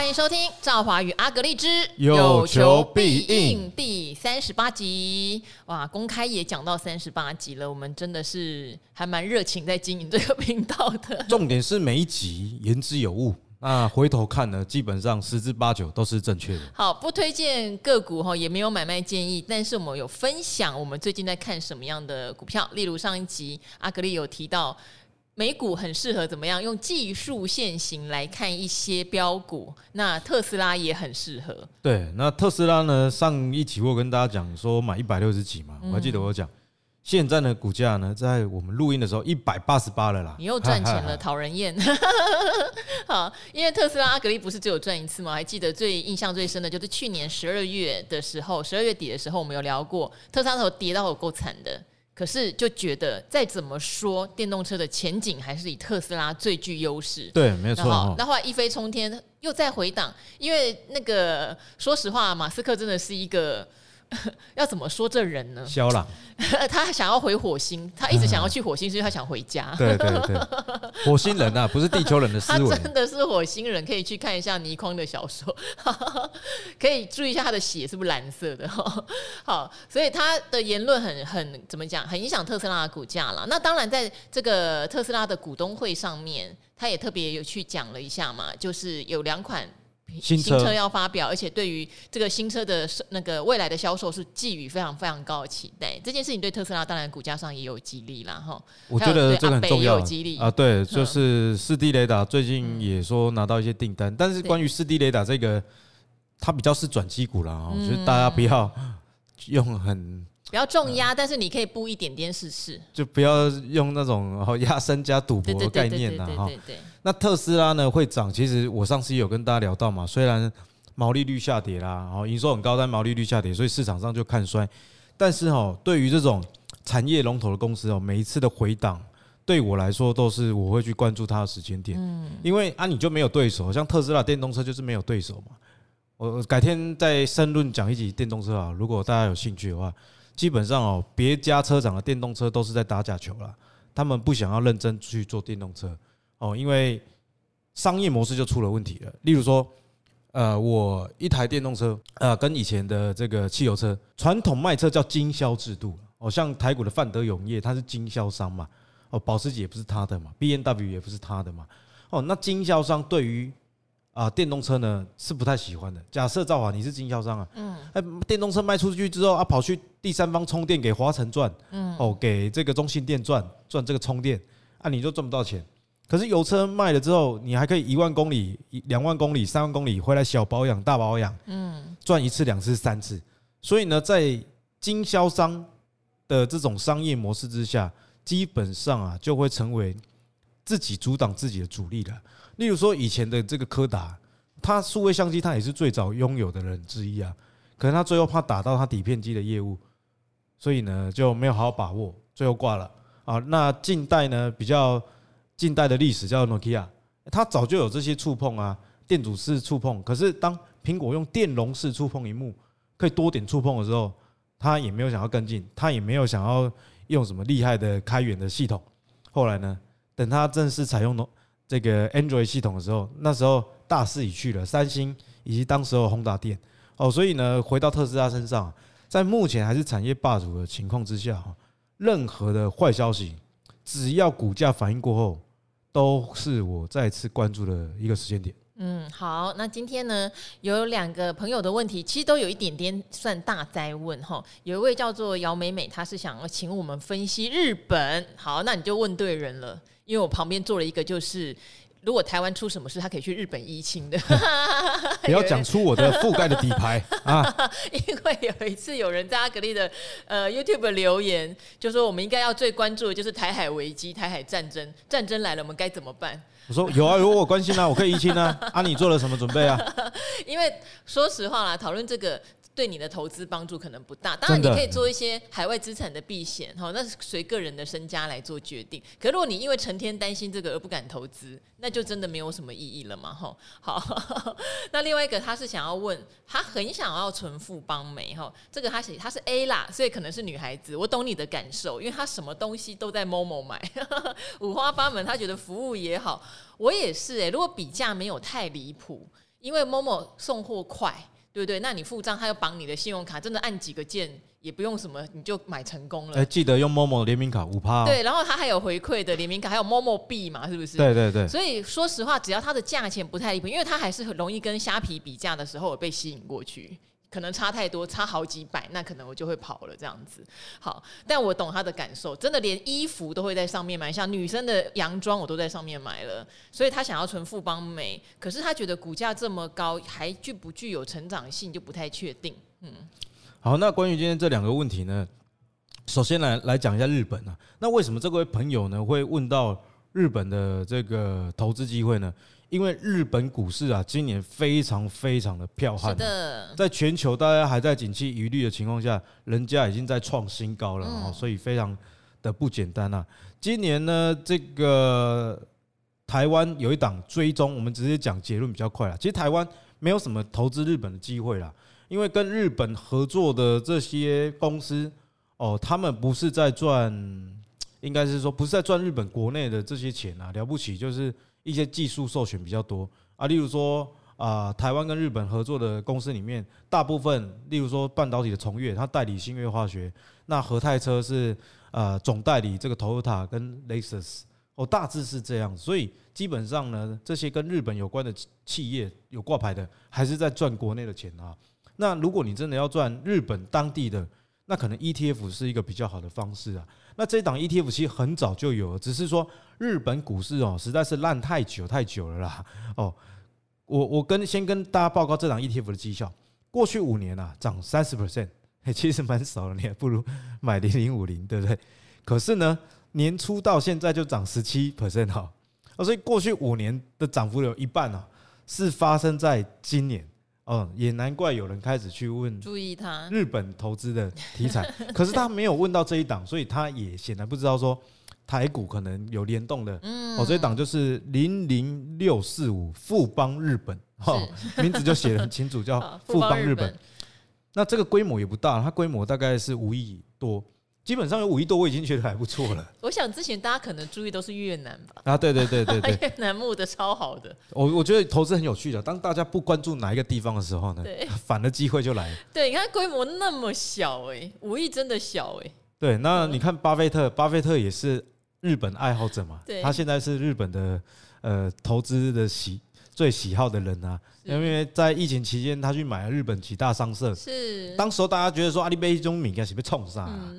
歡迎收聽趙華與阿格力之有求必應第三十八集。哇，公開也講到三十八集了，我們真的是還蠻熱情在經營這個頻道的。重點是每一集言之有物，那回頭看呢，基本上十之八九都是正確的。好，不推薦個股哈，也沒有買賣建議，但是我們有分享我們最近在看什麼樣的股票，例如上一集阿格力有提到。美股很適合怎麼樣用技術線型來看一些飆股，那特斯拉也很適合。對，那特斯拉呢？上一期我有跟大家講說買一百六十幾嘛、嗯，我還記得我講，現在呢股價呢，在我們錄音的時候一百八十八了啦，你又賺錢了，哎哎哎哎、討人厭。 好，因為特斯拉阿格力不是只有賺一次嗎？還記得最印象最深的就是去年十二月的時候，十二月底的時候我們有聊過特斯拉，跌到有夠慘的。可是就覺得，再怎麼說，電動車的前景還是以特斯拉最具優勢。對，沒錯。然後，哦，然後一飛沖天，又再回檔，因為那個，說實話，馬斯克真的是一個。 要怎麼說這人呢？肖朗， 他想要回火星，他一直想要去火星，是因為他想回家。 對對對，火星人啊，不是地球人的思維。 他真的是火星人，可以去看一下倪匡的小說， 可以注意一下他的血是不是藍色的。 好，所以他的言論很很怎麼講，很影響特斯拉的股價啦。那當然，在這個特斯拉的股東會上面，他也特別有去講了一下嘛，就是有兩款。新車,新車要發表，而且對於這個新車的、那個未來的銷售是寄予非常非常高的期待。這件事情對特斯拉當然股價上也有激勵啦哈。我覺得這個很重要。有有激勵啊，對，就是四 D 雷達最近也說拿到一些訂單，嗯、但是關於四 D 雷達這個，它比較是轉機股啦哈，就是、嗯、大家不要用很。比較重壓，嗯，但是你可以布一點點試試，就不要用那種壓身加賭博的概念，的哈。那特斯拉呢會漲？其實我上次也有跟大家聊到嘛，雖然毛利率下跌啦，然後營收很高，但毛利率下跌，所以市場上就看衰。但是哦，對於這種產業龍頭的公司哦，每一次的回檔，對我來說都是我會去關注它的時間點，嗯、因為啊，你就沒有對手，像特斯拉電動車就是沒有對手嘛。我改天再申論講一集電動車啊，如果大家有興趣的話。基本上哦，別家車廠的電動車都是在打假球了，他們不想要認真去做電動車哦，因為商業模式就出了問題了。例如說，呃，我一台電動車，呃，跟以前的這個汽油車，傳統賣車叫經銷制度，哦，像台股的汎德永業，他是經銷商嘛，哦，保時捷也不是他的嘛，BMW 也不是他的嘛，哦，那經銷商對於。啊，電動車呢是不太喜歡的。假設造啊，你是經銷商啊，嗯啊，電動車賣出去之後啊，跑去第三方充電給華晨賺，嗯，哦，給這個中信電賺賺這個充電，啊，你就賺不到錢。可是油車賣了之後，你還可以一萬公里、兩萬公里、三萬公里回來小保養、大保養，嗯，賺一次、兩次、三次。所以呢，在經銷商的這種商業模式之下，基本上啊，就會成為自己阻擋自己的主力了。例如說，以前的這個柯達，它數位相機，它也是最早擁有的人之一啊。可是他最後怕打到他底片機的業務，所以呢就沒有好好把握，最後掛了啊。那近代呢，比較近代的歷史叫諾基亞，他早就有這些觸碰啊，電阻式觸碰。可是當蘋果用電容式觸碰熒幕，可以多點觸碰的時候，他也沒有想要跟進，他也沒有想要用什麼厲害的開源的系統。後來呢，等他正式採用諾。這個 Android 系統的時候，那時候大勢已去了，三星以及當時候宏達電哦。所以呢，回到特斯拉身上，在目前還是產業霸主的情況之下，哈，任何的壞消息，只要股價反應過後，都是我再次關注的一個時間點。嗯，好，那今天呢有兩個朋友的問題，其實都有一點點算大哉問吼，有一位叫做姚美美，她是想要請我們分析日本。好，那你就問對人了，因為我旁邊坐了一個就是。如果台灣出什麼事，他可以去日本移民的。 不要講出我的覆蓋的底牌啊！ 因為有一次有人在阿格力的呃 YouTube 的留言，就說我們應該要最關注的就是台海危機、台海戰爭，戰爭來了我們該怎麼辦？我說有啊，有我關心啊，我可以移民啊。阿、 啊、你做了什麼準備啊？因為說實話啦，討論這個。對你的投資幫助可能不大，當然你可以做一些海外資產的避險哈、哦，那是隨個人的身家來做決定。可如果你因為成天擔心這個而不敢投資，那就真的沒有什麼意義了嘛哈、哦。好呵呵，那另外一個他是想要問，他很想要存富邦媒哈、哦，這個他寫他是 A 啦，所以可能是女孩子，我懂你的感受，因為他什麼東西都在 momo 買呵呵，五花八門，他覺得服務也好，我也是哎、欸，如果比價沒有太離譜，因為 momo 送貨快。對,對對，那你付賬，他要綁你的信用卡，真的按幾個鍵也不用什麼，你就買成功了。欸、記得用 Momo 聯名卡五趴、哦、對，然後它還有回饋的聯名卡，還有 Momo 幣嘛，是不是？對對對。所以說實話，只要它的價錢不太離譜，因為它還是很容易跟蝦皮比價的時候有被吸引過去。可能差太多，差好幾百，那可能我就會跑了這樣子。好，但我懂他的感受，真的連衣服都會在上面買，像女生的洋裝我都在上面買了。所以他想要存富邦媒，可是他覺得股價這麼高，還具不具有成長性就不太確定。嗯，好，那關於今天這兩個問題呢，首先來來講一下日本啊，那為什麼這位朋友呢會問到日本的這個投資機會呢？因為日本股市啊，今年非常非常的彪悍，啊、的，在全球大家還在景氣疑慮的情況下，人家已經在創新高了啊，嗯嗯，所以非常的不簡單啊。今年呢，這個台灣有一檔追蹤，我們直接講結論比較快了。其實台灣沒有什麼投資日本的機會了，因為跟日本合作的這些公司哦，他們不是在賺，應該是說不是在賺日本國內的這些錢啊，了不起就是。一些技術授權比較多啊，例如說啊、呃，台灣跟日本合作的公司裡面，大部分，例如說半導體的崇越，它代理信越化學，那和泰車是呃總代理這個 Toyota 跟 Lexus，哦，大致是這樣，所以基本上呢，這些跟日本有關的企業有掛牌的，還是在賺國內的錢啊。那如果你真的要賺日本當地的，那可能 ETF 是一個比較好的方式啊。那這檔 ETF 其實很早就有了，只是說日本股市哦、喔、實在是爛太久太久了啦哦、喔，我我跟先跟大家報告這檔 ETF 的績效，過去五年啊漲三十 percent，哎其實蠻少的。你還不如買零零五零對不對？可是呢年初到現在就漲十七 percent 哈，喔、所以過去五年的漲幅有一半啊是發生在今年。嗯、哦，也難怪有人開始去問，注意他日本投資的題材，可是他沒有問到這一檔， 所以他也顯然不知道說台股可能有聯動的。我、嗯哦、這一檔就是零零六四五富邦日本，哈、哦，名字就寫得很清楚叫，叫富邦日本。那這個規模也不大，它規模大概是五億多。基本上有五億多，我已經覺得還不錯了。我想之前大家可能注意都是越南吧？啊，對對對對對，對， 越南募的超好的我。我我覺得投資很有趣的，當大家不關注哪一個地方的時候呢，對反的機會就來。對，你看規模那麼小欸，五億真的小哎欸。對，那你看巴菲特，巴菲特也是日本愛好者嘛，對他現在是日本的呃投資的喜最喜好的人啊，因為在疫情期間他去買了日本幾大商社，是當時候大家覺得說阿里杯中米開始被衝殺。啊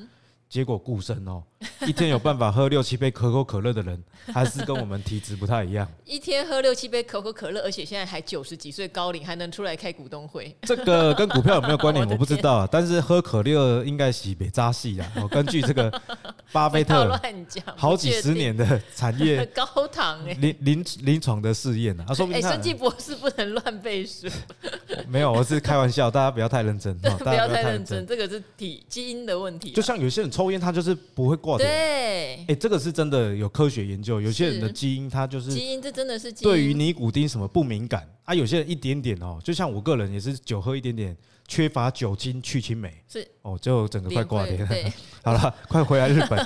結果顧身哦，一天有辦法喝六七杯可口可樂的人，還是跟我們體質不太一樣 。一天喝六七杯可口可樂，而且現在還九十幾歲高齡，還能出來開股東會，這個跟股票有沒有關聯？我不知道、啊。但是喝可樂應該是別扎戲啦。根據這個巴菲特亂講，好幾十年的產業高糖誒，臨臨臨床的試驗呢、啊啊欸？啊，說明生技博士不能亂背書。 沒有，我是開玩笑，大家不要太認真，哦大家不要太認真。不要太認真，這個是體基因的問題。就像有些人。抽煙它就是不會掛掉。對，哎，這個是真的有科學研究，有些人的基因它就是基因，這真的是對於尼古丁什麼不敏感。欸他、啊、有些人，一點點哦，就像我個人也是酒喝一點點，缺乏酒精去氫酶。是哦，就整個快掛掉好了，好 快回來日本。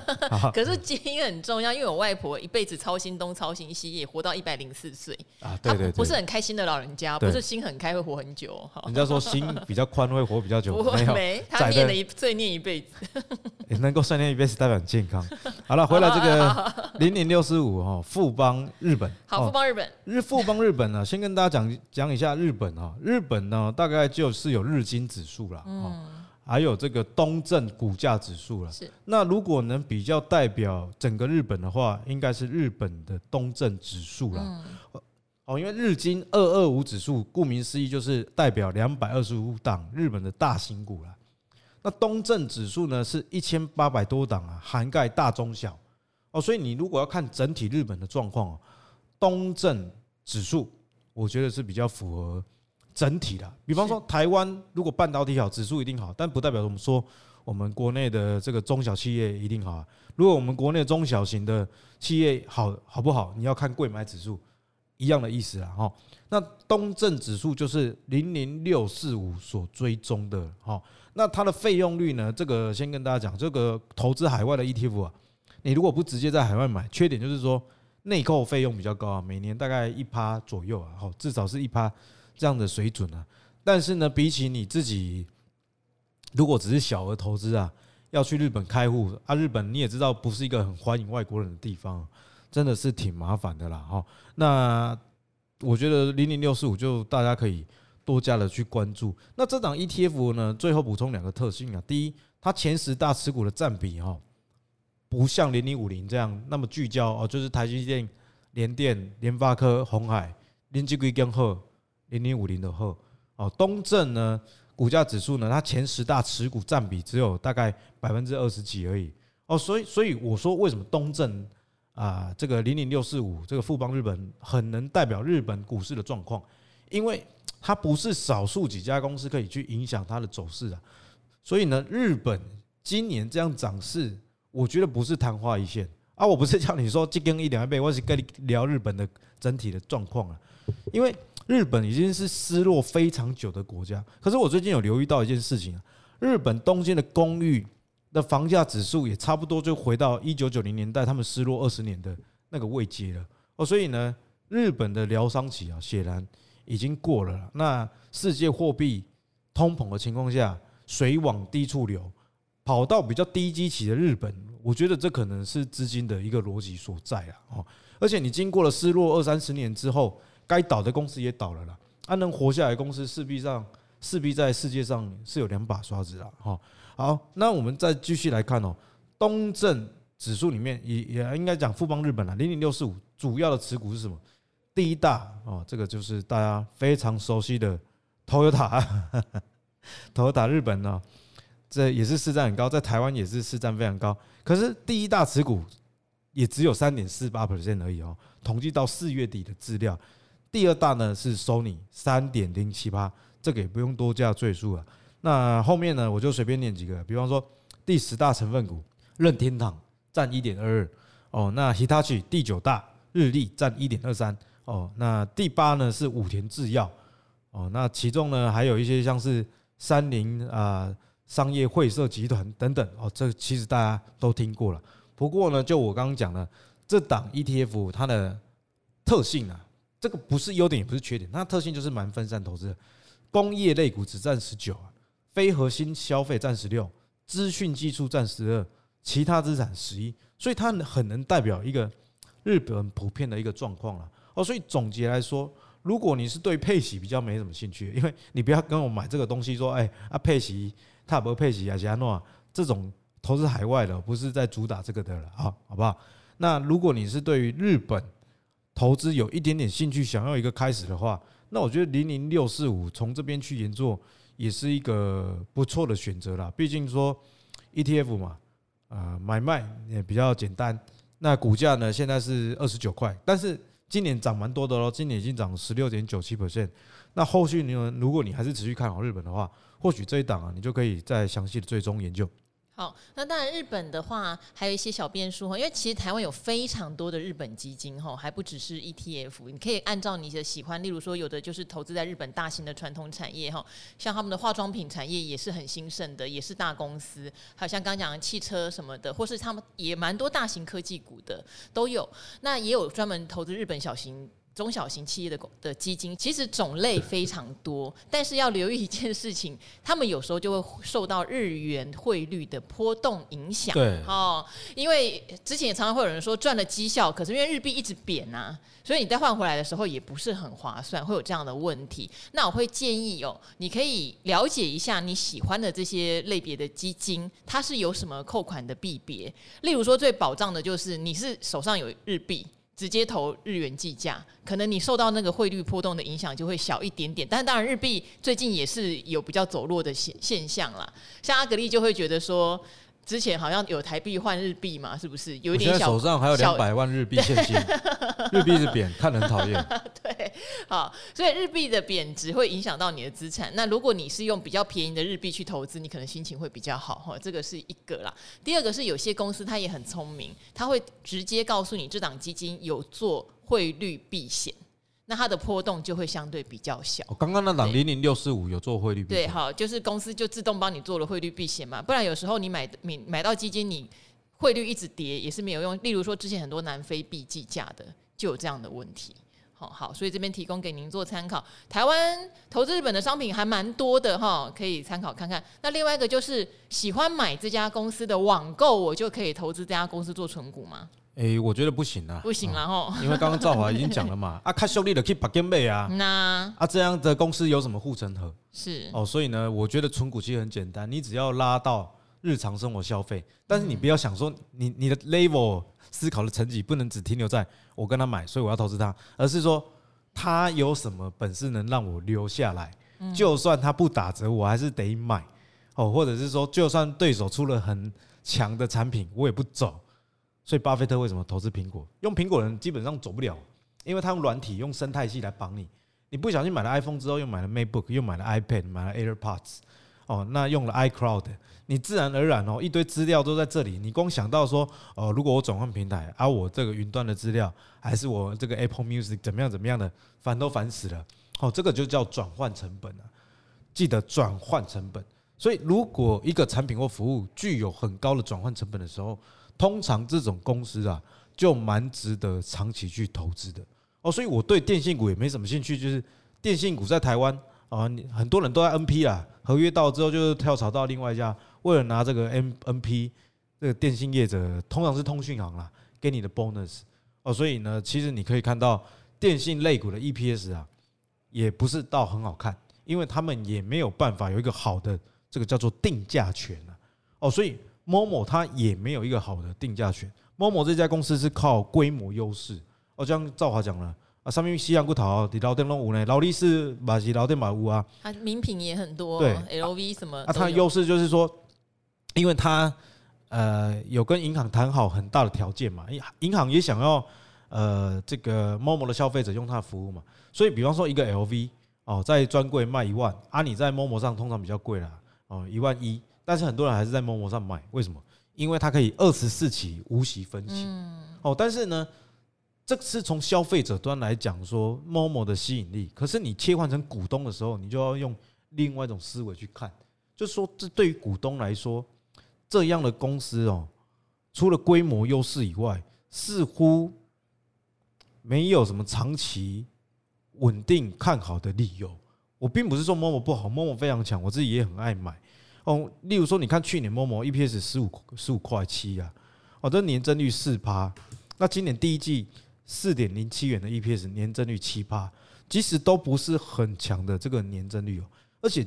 可是基因很重要，因為我外婆一輩子操心東操心西，也活到一百零四歲。啊，對對對，不是很開心的老人家，不是心很開心會活很久。人家說心比較寬會活比較久，我沒有沒。他念了一罪、欸、念一輩子，也能夠善念一輩子代表，很健康。好了、啊，回來這個00645哈富邦日本，好富邦日本日、哦、富邦日本呢，哦本啊、 先跟大家講。講一下日本啊，日本呢，大概就是有日經指數了，嗯，還有這個東證股價指數了。是，那如果能比較代表整個日本的話，應該是日本的東證指數了。哦、嗯，因為日經二二五指數顧名思義就是代表兩百二十五檔日本的大型股了。那東證指數呢，是一千八百多檔啊，涵蓋大中小。哦，所以你如果要看整體日本的狀況啊，東證指數。我覺得是比較符合整體的。比方說，台灣如果半導體好，指數一定好，但不代表我們說我們國內的這個中小企業一定好。如果我們國內中小型的企業好，好不好，你要看櫃買指數一樣的意思啊。哈，那東證指數就是零零六四五所追蹤的。哈，那它的費用率呢？這個先跟大家講，這個投資海外的 ETF 啊，你如果不直接在海外買，缺點就是說。內扣費用比較高啊，每年大概一趴左右啊，至少是一趴這樣的水準啊。但是呢，比起你自己，如果只是小額投資啊，要去日本開戶啊，日本你也知道不是一個很歡迎外國人的地方啊，真的是挺麻煩的啦，哈，哦。那我覺得零零六四五就大家可以多加的去關注。那這檔 ETF 呢，最後補充兩個特性啊，第一，它前十大持股的占比哈，哦。不像零零五零這樣那麼聚焦哦，就是台積電、聯電、聯發科、鴻海、聯電跟鶴、零零五零的鶴哦。東證呢，股價指數呢，它前十大持股占比只有大概百分之二十幾而已哦。所以，所以我說為什麼東證啊、呃，這個零零六四五這個富邦日本很能代表日本股市的狀況，因為它不是少數幾家公司可以去影響它的走勢的、啊。所以呢，日本今年這樣漲勢。我覺得不是曇花一現啊！我不是叫你說只跟一兩倍，我是跟你聊日本的整體的狀況、啊、因為日本已經是失落非常久的國家，可是我最近有留意到一件事情，日本東京的公寓的房價指數也差不多就回到一九九零年代他們失落二十年的那個位階了哦，所以呢，日本的療傷期啊，顯然已經過了了。那世界貨幣通膨的情況下，水往低處流。跑到比較低基期的日本，我覺得這可能是資金的一個邏輯所在了、啊、而且你經過了失落二三十年之後，該倒的公司也倒了啦、啊，它能活下來，公司勢必上勢必在世界上是有兩把刷子了哈。好，那我們再繼續來看哦，東證指數裡面也也應該講富邦日本了，零零六四五，主要的持股是什麼？第一大哦，這個就是大家非常熟悉的 Toyota，Toyota 日本呢、啊。這也是市占很高，在台灣也是市占非常高。可是第一大持股也只有三點四八%而已哦。統計到四月底的資料，第二大呢是索尼，三點零七八，這個也不用多加贅述了。那後面呢，我就隨便念幾個，比方說第十大成分股任天堂占一點二二哦。那 Hitachi 第九大日立占一點二三哦。那第八呢是武田製藥哦。那其中呢還有一些像是三菱啊。商業會社集團等等哦，這其實大家都聽過了。不過呢，就我剛剛講的，這檔 ETF 它的特性啊，這個不是優點也不是缺點，它的特性就是蠻分散投資的。工業類股只佔十九，非核心消費佔十六，資訊技術佔十二，其他資產十一，所以它很能代表一個日本普遍的一個狀況了。哦，所以總結來說，如果你是對配息比較沒什麼興趣，因為你不要跟我買這個東西說，哎，啊配息。塔博佩奇、亞吉安諾這種投資海外的，不是在主打這個的了啊，好不好？那如果你是對於日本投資有一點點興趣，想要一個開始的話，那我覺得零零六四五從這邊去研做也是一個不錯的選擇啦。畢竟說 ETF 嘛，啊、呃，買賣也比較簡單。那股價呢，現在是二十九塊，但是今年漲蠻多的嘍，今年已經漲十六點九七%。那後續你們如果你還是持續看好日本的話，或許這一檔啊，你就可以再詳細的追蹤研究。好，那當然日本的話，還有一些小變數哈，因為其實台灣有非常多的日本基金哈，還不只是 ETF，你可以按照你的喜歡，例如說有的就是投資在日本大型的傳統產業哈，像他們的化妝品產業也是很興盛的，也是大公司，還有像剛講的汽車什麼的，或是他們也蠻多大型科技股的都有，那也有專門投資日本小型。中小型企業的的基金其實種類非常多，但是要留意一件事情，他們有時候就會受到日元匯率的波動影響。對，哦，因為之前也常常會有人說賺了績效，可是因為日幣一直貶啊，所以你再換回來的時候也不是很划算，會有這樣的問題。那我會建議哦，你可以了解一下你喜歡的這些類別的基金，它是有什麼扣款的幣別？例如說最保障的就是你是手上有日幣。直接投日元計價，可能你受到那個匯率波動的影響就會小一點點，但當然日幣最近也是有比較走弱的現現象啦。像阿格力就會覺得說。之前好像有台幣換日幣嘛，是不是？有一點小。手上還有兩百萬日幣現金， 日幣是貶，看很討厭。對，好，所以日幣的貶值會影響到你的資產。那如果你是用比較便宜的日幣去投資，你可能心情會比較好哈。這個是一個啦，第二個是有些公司它也很聰明，他會直接告訴你這檔基金有做匯率避險。它的波動就會相對比較小，哦。剛剛那檔00645有做匯率避險，對，好，就是公司就自動幫你做了匯率避險嘛。不然有時候你買買買到基金你，你匯率一直跌也是沒有用。例如說之前很多南非幣計價的就有這樣的問題。好好，所以這邊提供給您做參考。台灣投資日本的商品還蠻多的哈，可以參考看看。那另外一個就是喜歡買這家公司的網購，我就可以投資這家公司做存股嗎？哎、欸，我覺得不行啊，不行了哈、嗯，因為剛剛趙華已經講了嘛， 啊，他秀麗的 keep 把 g a 啊，那啊這樣的公司有什麼護城河？是哦，所以呢，我覺得存股其實很簡單，你只要拉到。日常生活消費，但是你不要想說你你的 level 思考的層級，不能只停留在我跟他買，所以我要投資他，而是說他有什麼本事能讓我留下來，就算他不打折，我還是得買哦，或者是說就算對手出了很強的產品，我也不走。所以巴菲特為什麼投資蘋果？用蘋果人基本上走不了，因為他用軟體用生態系來綁你，你不小心買了 iPhone 之後，又買了 MacBook，又買了 iPad，買了 AirPods。哦，那用了 iCloud，你自然而然哦，一堆資料都在這裡。你光想到說，哦，如果我轉換平台，啊，而我這個雲端的資料，還是我這個 Apple Music 怎麼樣怎麼樣的，煩都煩死了。哦，這個就叫轉換成本啊，記得轉換成本。所以，如果一個產品或服務具有很高的轉換成本的時候，通常這種公司啊，就蠻值得長期去投資的。哦，所以我對電信股也沒什麼興趣，就是電信股在台灣。啊，很多人都在 NP 啦，合約到之後就是跳槽到另外一家，為了拿這個 MNP 這個電信業者，通常是通訊行啦，給你的 bonus 哦，所以呢，其實你可以看到電信類股的 EPS 啊，也不是到很好看，因為他們也沒有辦法有一個好的這個叫做定價權啊，哦，所以 Momo 他也沒有一個好的定價權，Momo 這家公司是靠規模優勢，哦，就像趙華講了。啊，上面西洋古陶，勞力老勞力士馬西、勞力士馬屋啊，它名品也很多，哦，對，LV 什麼。啊，它、啊啊、的優勢就是說，因為它呃有跟銀行談好很大的條件嘛，銀行也想要呃這個 momo 的消費者用它的服務嘛，所以比方說一個 LV 哦，在專櫃賣一萬，啊，你在 momo 上通常比較貴啦，哦，一萬一，但是很多人還是在 momo 上買，為什麼？因為它可以二十四期無息分期，嗯，哦，但是呢。這是從消費者端來講，說 MOMO 的吸引力。可是你切換成股東的時候，你就要用另外一種思維去看，就是說，這對於股東來說，這樣的公司哦，除了規模優勢以外，似乎沒有什麼長期穩定看好的理由。我並不是說 MOMO 不好，MOMO 非常強，我自己也很愛買哦。例如說，你看去年 MOMO EPS 十五十五塊七啊，哦，這年增率四趴，那今年第一季。四點零七元的 EPS 年增率七八，其實都不是很強的這個年增率哦。而且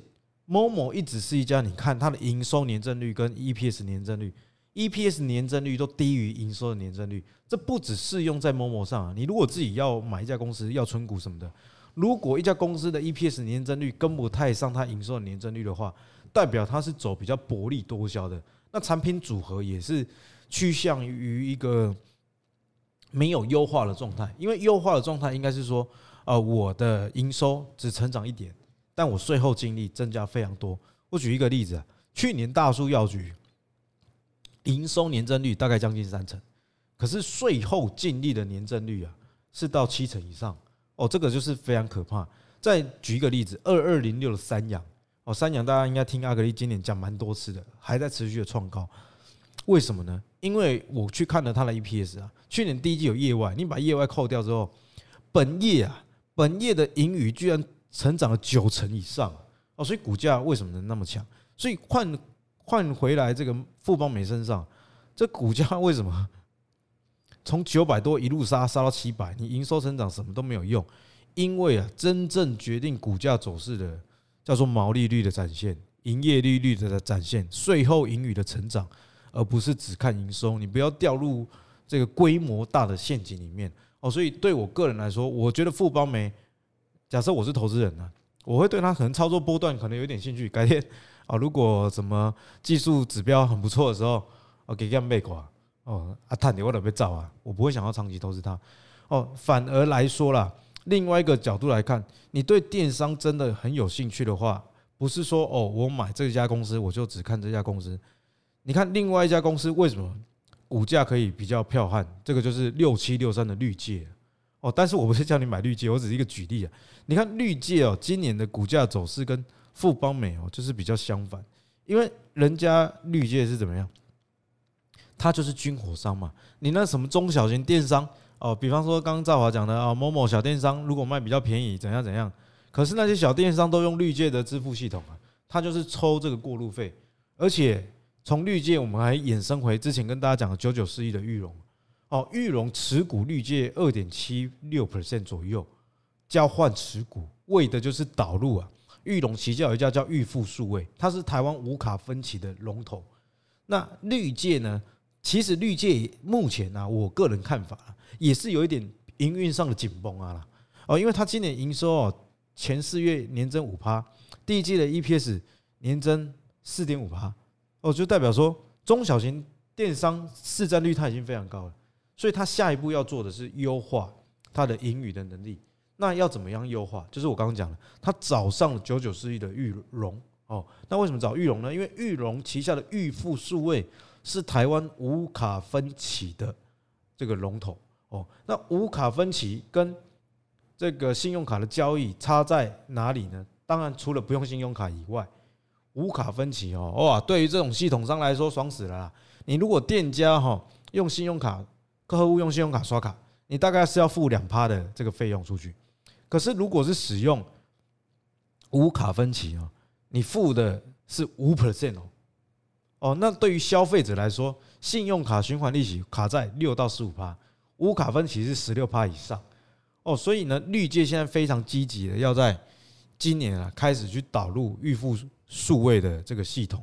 ，momo 一直是一家，你看它的營收年增率跟 EPS 年增率，EPS 年增率都低於營收的年增率。這不只適用在 momo 上啊。你如果自己要買一家公司要存股什麼的，如果一家公司的 EPS 年增率跟不太上它營收的年增率的話，代表它是走比較薄利多銷的。那產品組合也是趨向於一個。沒有優化的狀態，因為優化的狀態應該是說，呃，我的營收只成長一點，但我稅後淨利增加非常多。我舉一個例子，去年大樹藥局營收年增率大概將近三成，可是稅後淨利的年增率啊是到七成以上。哦，這個就是非常可怕。再舉一個例子，二二零六的三陽，哦，三陽大家應該聽阿格力今年講蠻多次的，還在持續的創高。為什麼呢？因為我去看了他的 EPS 啊，去年第一季有業外，你把業外扣掉之後，本業啊，本業的盈餘居然成長了九成以上哦、啊，所以股價為什麼能那麼強？所以換換回來這個富邦媒身上，這股價為什麼從九百多一路殺殺到七百？你營收成長什麼都沒有用，因為啊，真正決定股價走勢的叫做毛利率的展現、營業利率的展現、稅後盈餘的成長。而不是只看營收，你不要掉入這個規模大的陷阱裡面哦。所以對我個人來說，我覺得富邦媒，假設我是投資人呢、啊，我會對他可能操作波段可能有點興趣。改天啊、哦，如果什麼技術指標很不錯的時候，哦，給點美股啊，哦，阿探你未來被造啊我，我不會想要長期投資它哦。反而來說啦，另外一個角度來看，你對電商真的很有興趣的話，不是說哦，我買這家公司我就只看這家公司。你看，另外一家公司為什麼股價可以比較彪悍？這個就是六七六三的綠界哦。但是我不是叫你買綠界，我只是一個舉例啊。你看綠界哦，今年的股價走勢跟富邦媒哦就是比較相反，因為人家綠界是怎麼樣？它就是軍火商嘛。你那什麼中小型電商哦，比方說剛剛趙華講的啊某某小電商，如果賣比較便宜，怎樣怎樣？可是那些小電商都用綠界的支付系統啊，它就是抽這個過路費，而且。從綠界，我們還衍生回之前跟大家講的九九四億的玉龍哦，玉龍持股綠界二點七六 percent 左右，交換持股為的就是導入啊。玉龍旗下有一家叫玉富數位，它是台灣無卡分歧的龍頭。那綠界呢？其實綠界目前呢、啊，我個人看法也是有一點營運上的緊繃啊啦哦，因為它今年營收哦前四月年增五趴，第一季的 EPS 年增四點五趴。哦，就代表說中小型電商市占率它已經非常高了，所以它下一步要做的是優化它的盈餘的能力。那要怎麼樣優化？就是我剛剛講的，它找上了九九四一的裕融哦。那為什麼找裕融呢？因為裕融旗下的裕富數位是台灣無卡分期的這個龍頭哦。那無卡分期跟這個信用卡的交易差在哪裡呢？當然除了不用信用卡以外。無卡分期哦，哇！對於這種系統上來說，爽死了啦。你如果店家哈用信用卡，客戶用信用卡刷卡，你大概是要付兩趴的這個費用出去。可是如果是使用無卡分期哦，你付的是五 percent 哦。哦，那對於消費者來說，信用卡循環利息卡在六到十五趴，無卡分期是十六趴以上。哦，所以呢，綠界現在非常積極的要在。今年啊，開始去導入預付數位的這個系統，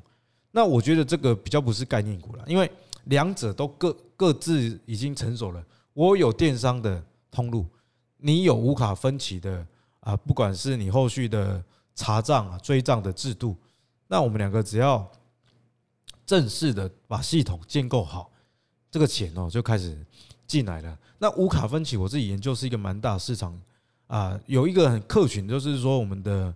那我覺得這個比較不是概念股了，因為兩者都各各自已經成熟了。我有電商的通路，你有無卡分期的啊，不管是你後續的查賬啊、追賬的制度，那我們兩個只要正式的把系統建構好，這個錢哦就開始進來了。那無卡分期我自己研究是一個蠻大的市場。啊、呃，有一個很客群，就是說我們的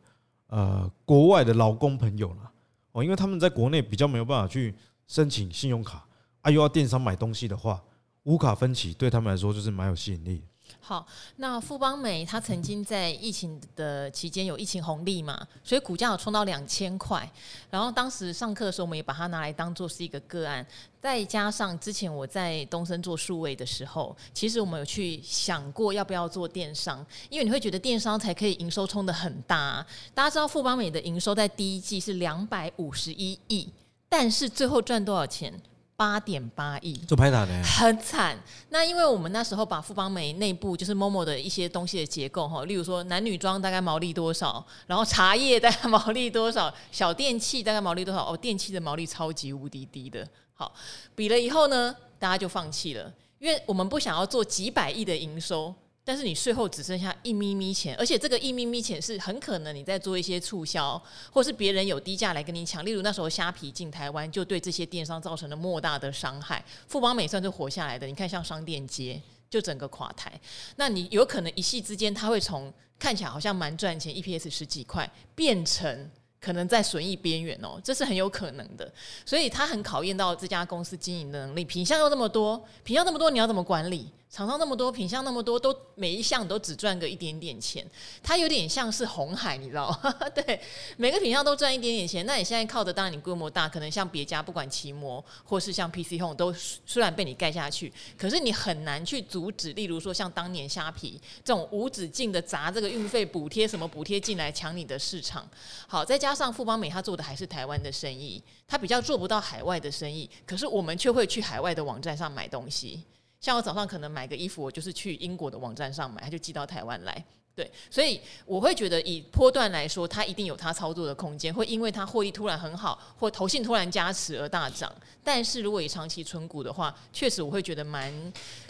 呃國外的勞工朋友啦，哦，因為他們在國內比較沒有辦法去申請信用卡，啊，又要電商買東西的話，無卡分期對他們來說就是蠻有吸引力。好，那富邦媒它曾經在疫情的期間有疫情紅利嘛，所以股價有衝到兩千塊。然後當時上課的時候，我們也把它拿來當做是一個個案。再加上之前我在東森做數位的時候，其實我們有去想過要不要做電商，因為你會覺得電商才可以營收衝得很大啊。大家知道富邦媒的營收在第一季是兩百五十一億，但是最後賺多少錢？八點八億，做拍打的很慘。那因為我們那時候把富邦媒內部就是 momo 的一些東西的結構哈，例如說男女裝大概毛利多少，然後茶葉大概毛利多少，小電器大概毛利多少。哦，電器的毛利超級無敵低的。好，比了以後呢，大家就放棄了，因為我們不想要做幾百億的營收。但是你最後只剩下一咪咪錢，而且這個一咪咪錢是很可能你在做一些促銷，或是別人有低價來跟你搶。例如那時候蝦皮進台灣，就對這些電商造成了莫大的傷害。富邦媒算是活下來的，你看像商店街就整個垮台。那你有可能一夕之間，它會從看起來好像蠻賺錢，EPS 十幾塊，變成可能在損益邊緣哦，這是很有可能的。所以它很考驗到這家公司經營的能力。品項又這麼多，品項這麼多，你要怎麼管理？廠商那麼多，品項那麼多，都每一項都只賺個一點點錢，它有點像是紅海，你知道嗎？對，每個品項都賺一點點錢。那你現在靠着，當然你規模大，可能像別家不管奇摩或是像 PC Home 都雖然被你蓋下去，可是你很難去阻止。例如說像當年蝦皮這種無止境的砸這個運費補貼，什麼補貼進來搶你的市場。好，再加上富邦媒他做的還是台灣的生意，他比較做不到海外的生意，可是我們卻會去海外的網站上買東西。像我早上可能買個衣服，我就是去英國的網站上買，他就寄到台灣來。對，所以我會覺得以波段來說，它一定有它操作的空間，會因為它獲益突然很好，或投信突然加持而大漲。但是如果以長期存股的話，確實我會覺得蠻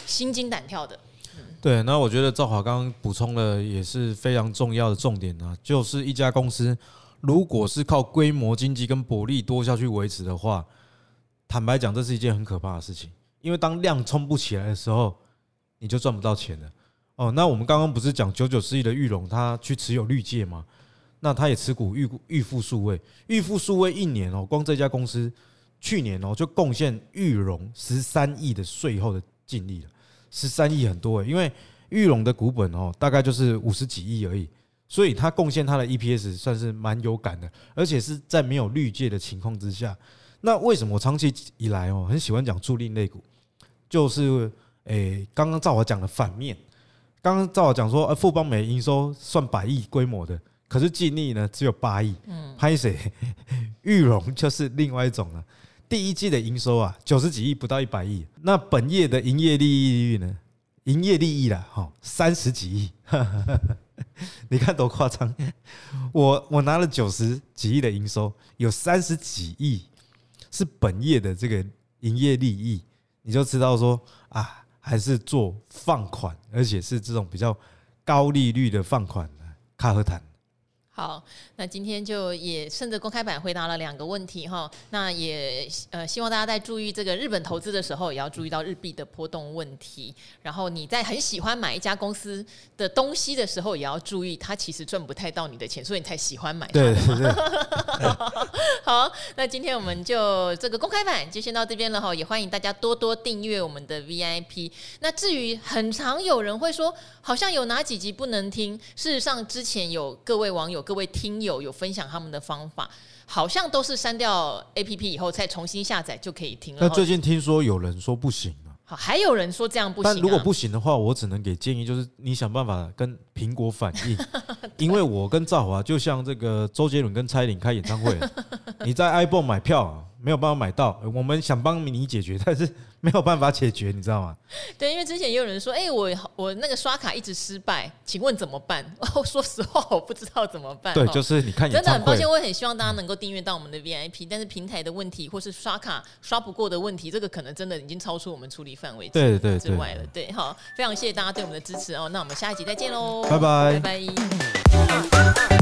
心驚膽跳的、嗯。對，那我覺得趙華剛剛補充的也是非常重要的重點呢、啊，就是一家公司如果是靠規模經濟跟薄利多銷去維持的話，坦白講，這是一件很可怕的事情。因為當量衝不起來的時候，你就賺不到錢了。哦，那我們剛剛不是講九九四億的裕融，他去持有綠界嗎？那他也持股裕裕富數位，裕富數位一年哦，光這家公司去年哦就貢獻裕融十三億的稅後的淨利了，十三億很多誒，因為裕融的股本哦大概就是五十幾億而已，所以它貢獻它的 EPS 算是蠻有感的，而且是在沒有綠界的情況之下。那為什麼我長期以來哦很喜歡講租賃類股？就是誒，剛剛趙華講的反面剛剛照我講，剛剛趙華講說，富邦媒營收算百億規模的，可是淨利呢只有八億。拍謝，裕融就是另外一種了、啊，第一季的營收啊九十幾億不到一百億，那本業的營業利益率呢？營業利益啦哈、喔、三十幾億，你看多誇張！我我拿了九十幾億的營收，有三十幾億是本業的這個營業利益。你就知道說啊，還是做放款，而且是這種比較高利率的放款，卡和談。好，那今天就也順着公開版回答了兩個問題哈。那也呃希望大家在注意這個日本投資的時候，也要注意到日幣的波動問題。然後你在很喜歡買一家公司的東西的時候，也要注意它其實賺不太到你的錢，所以你才喜歡買它。對對對， 好。好，那今天我們就這個公開版就先到這邊了哈。也歡迎大家多多訂閱我們的 VIP。那至於很常有人會說，好像有哪幾集不能聽。事實上，之前有各位網友。各位聽友有分享他們的方法，好像都是刪掉 APP 以後再重新下載就可以聽了。但最近聽說有人說不行，啊、好，還有人說這樣不行，啊。但如果不行的話，我只能給建議，就是你想辦法跟蘋果反應，因為我跟趙華就像這個周杰倫跟蔡依林開演唱會，你在 iPhone 買票，啊、沒有辦法買到，我們想幫你解決，但是。沒有辦法解決，你知道嗎？對，因為之前也有人說，哎、欸，我我那個刷卡一直失敗，請問怎麼辦？哦，說實話，我不知道怎麼辦。對，就是你看，真的很抱歉、嗯，我也很希望大家能夠訂閱到我們的 VIP，但是平台的問題或是刷卡刷不過的問題，這個可能真的已經超出我們處理範圍之外了，對對對對。對，好，非常謝謝大家對我們的支持哦，那我們下一集再見嘍，拜拜拜，拜。拜拜。